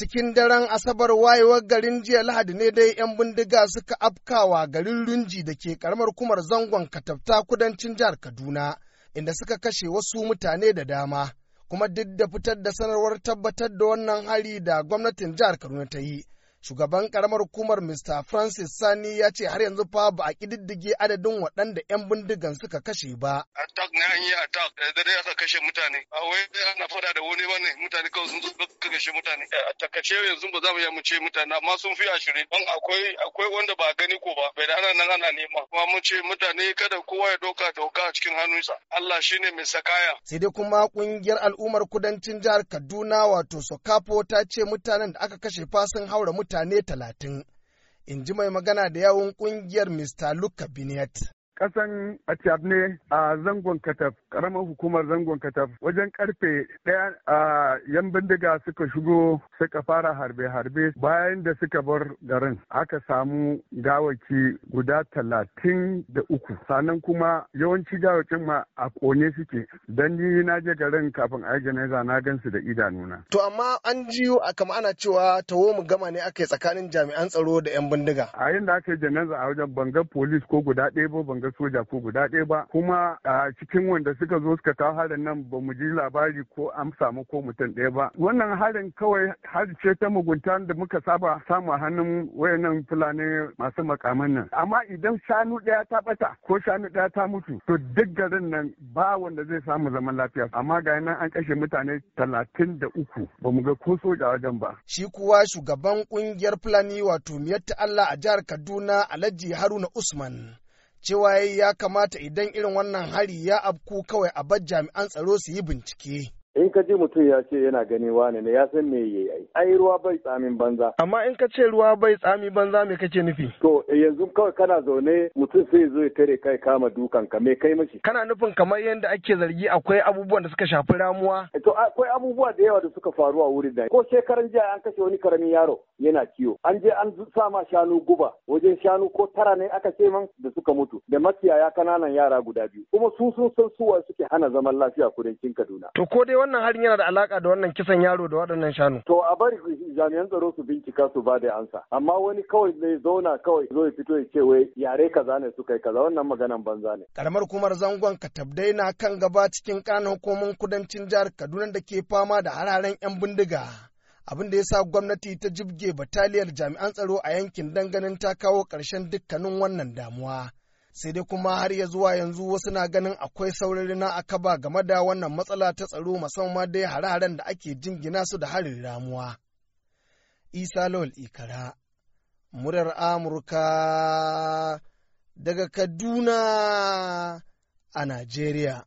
Cikin daren Asabar wayewar garin jiya Lahadi ne dai 'yan bindiga suka afkawa garin Runji da ke karamar kumar zangon katafta kudancin jihar Kaduna, inda suka kashe wasu mutane da dama, kuma duk da fitar da sanarwar tabbatar da wannan hari da gwamnatin jihar Kaduna ta yi. shugaban karamar hukumar mr francis sani ya ce har yanzu fa ba a kididdige adadin waɗanda 'yan bindigan suka kashe ba attack ne an yi attack da eh, dai aka kashe mutane a wai ana fada da wani bane mutane kawai sun zo suka kashe mutane eh, a takace yanzu ba za mu iya mu ce mutane amma sun fi ashirin don akwai akwai wanda ba gani ko ba bai da ana nan ana nema kuma mun ce mutane kada kowa ya doka doka a cikin hannunsa Allah shine mai sakaya sai dai kuma kungiyar al'ummar kudancin jihar Kaduna wato Sokapo ta ce mutanen da aka kashe fa sun haura mutane mutane talatin, in ji mai magana da yawun ƙungiyar Mr. Luka Binet. kasan Atiyab ne a zangon Kataf, karamar hukumar zangon Kataf. Wajen karfe ɗaya a yan bindiga suka shigo suka fara harbe-harbe bayan da suka bar garin. Aka samu gawaki guda talatin da uku. Sannan kuma yawanci gawakin ma a kone suke. don ni na je garin kafin a na na gansu da idanuna. To amma an jiyo a kama ana cewa tawo mu gama ne aka yi tsakanin jami'an tsaro da 'yan bindiga. A yin da aka yi janaza a wajen bangar polis ko guda ɗaya ba bangar soja ko guda ɗaya ba kuma a cikin wanda suka zo suka kawo harin nan ba mu ji labari ko an samu ko mutum ɗaya ba wannan harin kawai hari ce ta mugunta da muka saba samu hannun wayannan fulani masu makaman nan amma idan shanu ɗaya ta ɓata ko shanu ɗaya ta mutu to duk garin nan ba wanda zai samu zaman lafiya amma ga nan an kashe mutane talatin da uku ba mu ga ko soja wajen ba. Shi kuwa shugaban kungiyar Fulani wato Miyatta Allah a jihar Kaduna Alhaji Haruna Usman cewa ya kamata idan irin wannan hari ya afku kawai a bar jami'an tsaro su yi bincike. in ka je mutum ya ce yana gani wane ne ya san me yayi ai ai ruwa bai tsamin banza amma in ka ce ruwa bai tsami banza me kake nufi to yanzu kawai kana zaune mutum sai zo ya tare kai kama dukan ka me kai mashi kana nufin kamar yadda ake zargi akwai abubuwan da suka shafi ramuwa to akwai abubuwa da yawa da suka faru a wurin da ko shekaran jiya an kashe wani karamin yaro yana kiwo an je an sa ma shanu guba wajen shanu ko tara ne aka ce man da suka mutu da makiyaya kananan yara guda biyu kuma su sun san suwa suke hana zaman lafiya kudancin Kaduna to ko dai wannan harin yana da alaka da wannan kisan yaro da waɗannan shanu. To a bari jami'an tsaro su bincika su ba da ansa. Amma wani kawai zai zauna kawai zo ya fito ya ce wai yare kaza ne suka yi kaza wannan maganan banza ne. Karamar hukumar zangon Katabdai na kan gaba cikin kanan hukumomin kudancin jihar Kaduna da ke fama da hararen 'yan bindiga. abin da ya sa gwamnati ta jibge bataliyar jami'an tsaro a yankin danganin ta kawo ƙarshen dukkanin wannan damuwa. sai dai kuma har ya zuwa yanzu wasu na ganin akwai saurari na akaba game da wannan matsala ta tsaro musamman dai hare-haren da ake jingina su da harin ramuwa. Isa Lawal Ikara, murar Amurka daga Kaduna a Najeriya.